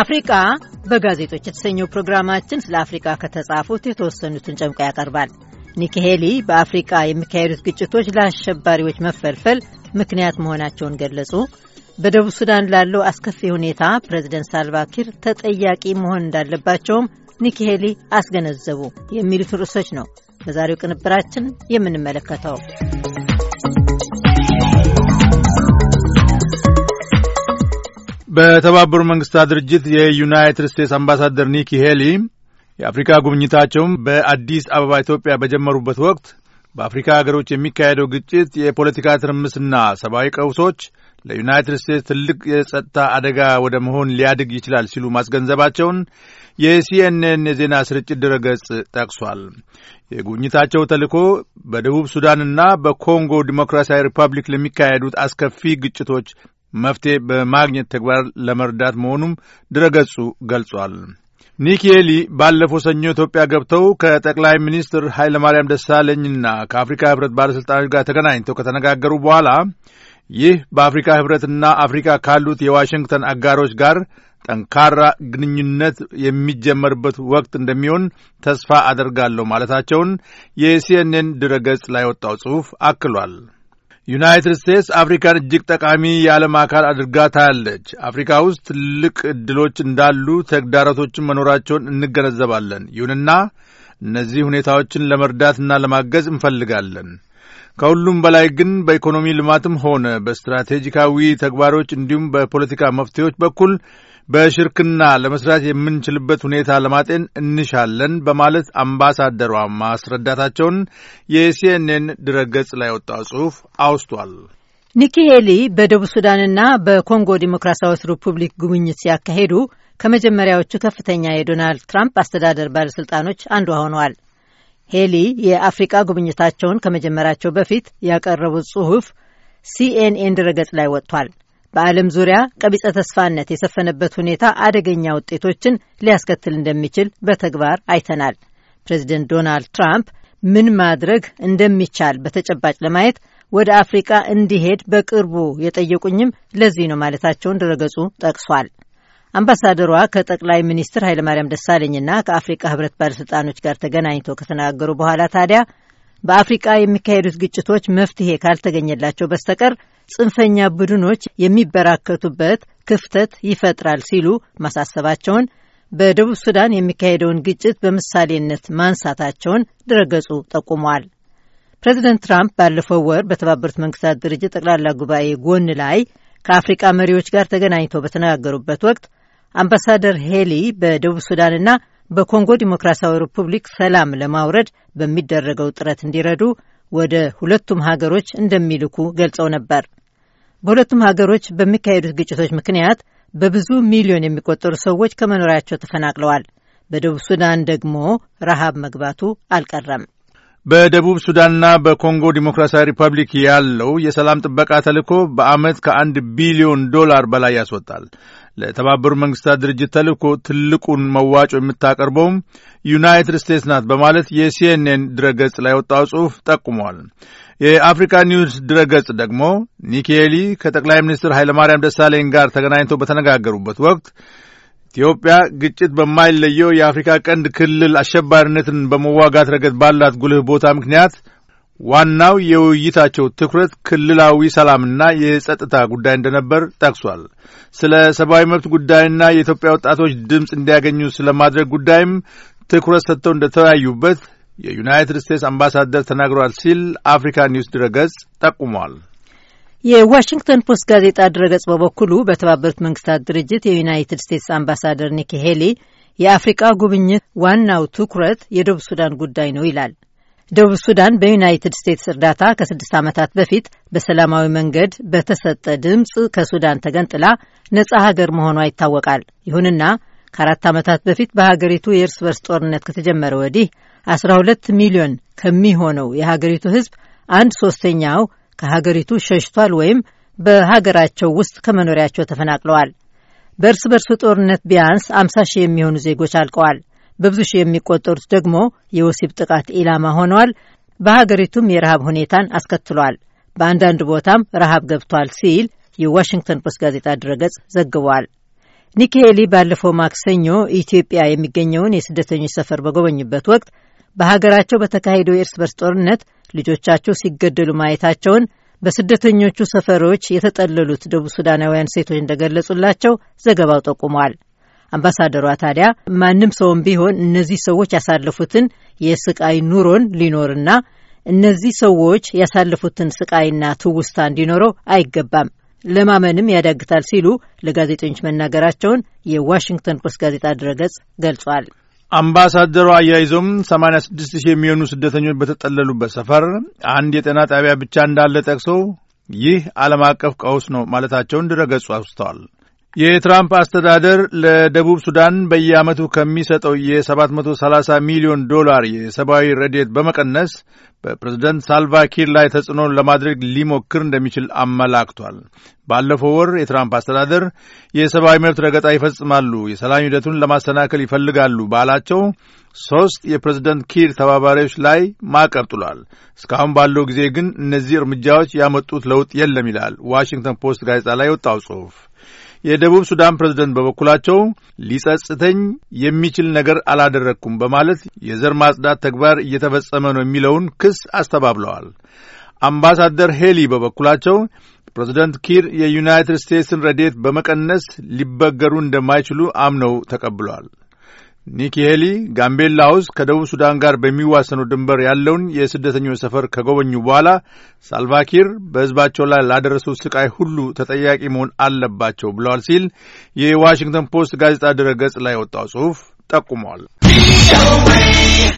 አፍሪቃ በጋዜጦች የተሰኘው ፕሮግራማችን ስለ አፍሪቃ ከተጻፉት የተወሰኑትን ጨምቆ ያቀርባል። ኒኪ ሄሊ በአፍሪቃ የሚካሄዱት ግጭቶች ለአሸባሪዎች መፈልፈል ምክንያት መሆናቸውን ገለጹ፣ በደቡብ ሱዳን ላለው አስከፊ ሁኔታ ፕሬዝደንት ሳልቫኪር ተጠያቂ መሆን እንዳለባቸውም ኒኪ ሄሊ አስገነዘቡ የሚሉት ርዕሶች ነው በዛሬው ቅንብራችን የምንመለከተው። በተባበሩ መንግስታት ድርጅት የዩናይትድ ስቴትስ አምባሳደር ኒኪ ሄሊ የአፍሪካ ጉብኝታቸውም በአዲስ አበባ ኢትዮጵያ በጀመሩበት ወቅት በአፍሪካ ሀገሮች የሚካሄደው ግጭት፣ የፖለቲካ ትርምስና ሰብአዊ ቀውሶች ለዩናይትድ ስቴትስ ትልቅ የጸጥታ አደጋ ወደ መሆን ሊያድግ ይችላል ሲሉ ማስገንዘባቸውን የሲኤንኤን የዜና ስርጭት ድረገጽ ጠቅሷል። የጉብኝታቸው ተልእኮ በደቡብ ሱዳንና በኮንጎ ዲሞክራሲያዊ ሪፐብሊክ ለሚካሄዱት አስከፊ ግጭቶች መፍትሄ በማግኘት ተግባር ለመርዳት መሆኑም ድረገጹ ገልጿል። ኒኪ ሄሊ ባለፈው ሰኞ ኢትዮጵያ ገብተው ከጠቅላይ ሚኒስትር ኃይለማርያም ደሳለኝና ከአፍሪካ ህብረት ባለሥልጣኖች ጋር ተገናኝተው ከተነጋገሩ በኋላ ይህ በአፍሪካ ህብረትና አፍሪካ ካሉት የዋሽንግተን አጋሮች ጋር ጠንካራ ግንኙነት የሚጀመርበት ወቅት እንደሚሆን ተስፋ አደርጋለሁ ማለታቸውን የሲኤንኤን ድረገጽ ላይ ወጣው ጽሑፍ አክሏል። ዩናይትድ ስቴትስ አፍሪካን እጅግ ጠቃሚ የዓለም አካል አድርጋ ታያለች። አፍሪካ ውስጥ ትልቅ ዕድሎች እንዳሉ ተግዳሮቶችን መኖራቸውን እንገነዘባለን። ይሁንና እነዚህ ሁኔታዎችን ለመርዳትና ለማገዝ እንፈልጋለን። ከሁሉም በላይ ግን በኢኮኖሚ ልማትም ሆነ በስትራቴጂካዊ ተግባሮች እንዲሁም በፖለቲካ መፍትሄዎች በኩል በሽርክና ለመስራት የምንችልበት ሁኔታ ለማጤን እንሻለን በማለት አምባሳደሯ ማስረዳታቸውን የሲኤንኤን ድረገጽ ላይ ወጣው ጽሑፍ አውስቷል። ኒኪ ሄሊ በደቡብ ሱዳንና በኮንጎ ዲሞክራሲያዊት ሪፑብሊክ ጉብኝት ሲያካሄዱ ከመጀመሪያዎቹ ከፍተኛ የዶናልድ ትራምፕ አስተዳደር ባለሥልጣኖች አንዷ ሆነዋል። ሄሊ የአፍሪቃ ጉብኝታቸውን ከመጀመራቸው በፊት ያቀረቡት ጽሑፍ ሲኤንኤን ድረገጽ ላይ ወጥቷል። በዓለም ዙሪያ ቀቢጸ ተስፋነት የሰፈነበት ሁኔታ አደገኛ ውጤቶችን ሊያስከትል እንደሚችል በተግባር አይተናል። ፕሬዚደንት ዶናልድ ትራምፕ ምን ማድረግ እንደሚቻል በተጨባጭ ለማየት ወደ አፍሪቃ እንዲሄድ በቅርቡ የጠየቁኝም ለዚህ ነው ማለታቸውን ድረገጹ ጠቅሷል። አምባሳደሯ ከጠቅላይ ሚኒስትር ኃይለማርያም ደሳለኝና ከአፍሪቃ ህብረት ባለሥልጣኖች ጋር ተገናኝተው ከተናገሩ በኋላ ታዲያ በአፍሪቃ የሚካሄዱት ግጭቶች መፍትሄ ካልተገኘላቸው በስተቀር ጽንፈኛ ቡድኖች የሚበራከቱበት ክፍተት ይፈጥራል ሲሉ ማሳሰባቸውን፣ በደቡብ ሱዳን የሚካሄደውን ግጭት በምሳሌነት ማንሳታቸውን ድረገጹ ጠቁሟል። ፕሬዚደንት ትራምፕ ባለፈው ወር በተባበሩት መንግስታት ድርጅት ጠቅላላ ጉባኤ ጎን ላይ ከአፍሪቃ መሪዎች ጋር ተገናኝተው በተነጋገሩበት ወቅት አምባሳደር ሄሊ በደቡብ ሱዳንና በኮንጎ ዲሞክራሲያዊ ሪፑብሊክ ሰላም ለማውረድ በሚደረገው ጥረት እንዲረዱ ወደ ሁለቱም ሀገሮች እንደሚልኩ ገልጸው ነበር። በሁለቱም ሀገሮች በሚካሄዱት ግጭቶች ምክንያት በብዙ ሚሊዮን የሚቆጠሩ ሰዎች ከመኖሪያቸው ተፈናቅለዋል። በደቡብ ሱዳን ደግሞ ረሃብ መግባቱ አልቀረም። በደቡብ ሱዳንና በኮንጎ ዲሞክራሲያዊ ሪፐብሊክ ያለው የሰላም ጥበቃ ተልዕኮ በዓመት ከአንድ ቢሊዮን ዶላር በላይ ያስወጣል። ለተባበሩት መንግስታት ድርጅት ተልእኮ ትልቁን መዋጮ የምታቀርበውም ዩናይትድ ስቴትስ ናት በማለት የሲኤንኤን ድረገጽ ላይ ወጣው ጽሑፍ ጠቁሟል። የአፍሪካ ኒውስ ድረገጽ ደግሞ ኒኬሊ ከጠቅላይ ሚኒስትር ኃይለማርያም ደሳለኝ ጋር ተገናኝተው በተነጋገሩበት ወቅት ኢትዮጵያ ግጭት በማይለየው የአፍሪካ ቀንድ ክልል አሸባሪነትን በመዋጋት ረገድ ባላት ጉልህ ቦታ ምክንያት ዋናው የውይይታቸው ትኩረት ክልላዊ ሰላምና የጸጥታ ጉዳይ እንደነበር ጠቅሷል። ስለ ሰብአዊ መብት ጉዳይና የኢትዮጵያ ወጣቶች ድምፅ እንዲያገኙ ስለማድረግ ጉዳይም ትኩረት ሰጥተው እንደተወያዩበት የዩናይትድ ስቴትስ አምባሳደር ተናግሯል ሲል አፍሪካ ኒውስ ድረገጽ ጠቁሟል። የዋሽንግተን ፖስት ጋዜጣ ድረገጽ በበኩሉ በተባበሩት መንግስታት ድርጅት የዩናይትድ ስቴትስ አምባሳደር ኒኪ ሄሊ የአፍሪቃ ጉብኝት ዋናው ትኩረት የደቡብ ሱዳን ጉዳይ ነው ይላል። ደቡብ ሱዳን በዩናይትድ ስቴትስ እርዳታ ከስድስት ዓመታት በፊት በሰላማዊ መንገድ በተሰጠ ድምፅ ከሱዳን ተገንጥላ ነጻ ሀገር መሆኗ ይታወቃል። ይሁንና ከአራት ዓመታት በፊት በሀገሪቱ የእርስ በርስ ጦርነት ከተጀመረ ወዲህ 12 ሚሊዮን ከሚሆነው የሀገሪቱ ሕዝብ አንድ ሶስተኛው ከሀገሪቱ ሸሽቷል ወይም በሀገራቸው ውስጥ ከመኖሪያቸው ተፈናቅለዋል። በእርስ በርሱ ጦርነት ቢያንስ 50 ሺህ የሚሆኑ ዜጎች አልቀዋል። በብዙ ሺህ የሚቆጠሩት ደግሞ የወሲብ ጥቃት ኢላማ ሆነዋል። በሀገሪቱም የረሃብ ሁኔታን አስከትሏል። በአንዳንድ ቦታም ረሃብ ገብቷል ሲል የዋሽንግተን ፖስት ጋዜጣ ድረገጽ ዘግቧል። ኒኪ ሄሊ ባለፈው ማክሰኞ ኢትዮጵያ የሚገኘውን የስደተኞች ሰፈር በጎበኙበት ወቅት በሀገራቸው በተካሄደው የእርስ በርስ ጦርነት ልጆቻቸው ሲገደሉ ማየታቸውን በስደተኞቹ ሰፈሮች የተጠለሉት ደቡብ ሱዳናውያን ሴቶች እንደገለጹላቸው ዘገባው ጠቁሟል። አምባሳደሯ ታዲያ ማንም ሰውም ቢሆን እነዚህ ሰዎች ያሳለፉትን የስቃይ ኑሮን ሊኖርና እነዚህ ሰዎች ያሳለፉትን ስቃይና ትውስታ እንዲኖረው አይገባም፣ ለማመንም ያዳግታል ሲሉ ለጋዜጠኞች መናገራቸውን የዋሽንግተን ፖስት ጋዜጣ ድረገጽ ገልጿል። አምባሳደሩ አያይዞም 86 ሺህ የሚሆኑ ስደተኞች በተጠለሉበት ሰፈር አንድ የጤና ጣቢያ ብቻ እንዳለ ጠቅሰው ይህ ዓለም አቀፍ ቀውስ ነው ማለታቸውን ድረገጹ አውስተዋል። የትራምፕ አስተዳደር ለደቡብ ሱዳን በየዓመቱ ከሚሰጠው የ730 ሚሊዮን ዶላር የሰብአዊ ረድኤት በመቀነስ በፕሬዝደንት ሳልቫኪር ላይ ተጽዕኖ ለማድረግ ሊሞክር እንደሚችል አመላክቷል። ባለፈው ወር የትራምፕ አስተዳደር የሰብአዊ መብት ረገጣ ይፈጽማሉ፣ የሰላም ሂደቱን ለማሰናከል ይፈልጋሉ ባላቸው ሦስት የፕሬዝደንት ኪር ተባባሪዎች ላይ ማዕቀብ ጥሏል። እስካሁን ባለው ጊዜ ግን እነዚህ እርምጃዎች ያመጡት ለውጥ የለም ይላል ዋሽንግተን ፖስት ጋዜጣ ላይ የወጣው ጽሑፍ። የደቡብ ሱዳን ፕሬዝደንት በበኩላቸው ሊጸጽተኝ የሚችል ነገር አላደረግኩም በማለት የዘር ማጽዳት ተግባር እየተፈጸመ ነው የሚለውን ክስ አስተባብለዋል። አምባሳደር ሄሊ በበኩላቸው ፕሬዝደንት ኪር የዩናይትድ ስቴትስን ረዴት በመቀነስ ሊበገሩ እንደማይችሉ አምነው ተቀብለዋል። ኒኪ ሄሊ ጋምቤላ ውስጥ ከደቡብ ሱዳን ጋር በሚዋሰኑ ድንበር ያለውን የስደተኞች ሰፈር ከጎበኙ በኋላ ሳልቫኪር በሕዝባቸው ላይ ላደረሰው ስቃይ ሁሉ ተጠያቂ መሆን አለባቸው ብለዋል ሲል የዋሽንግተን ፖስት ጋዜጣ ድረ ገጽ ላይ የወጣው ጽሑፍ ጠቁመዋል።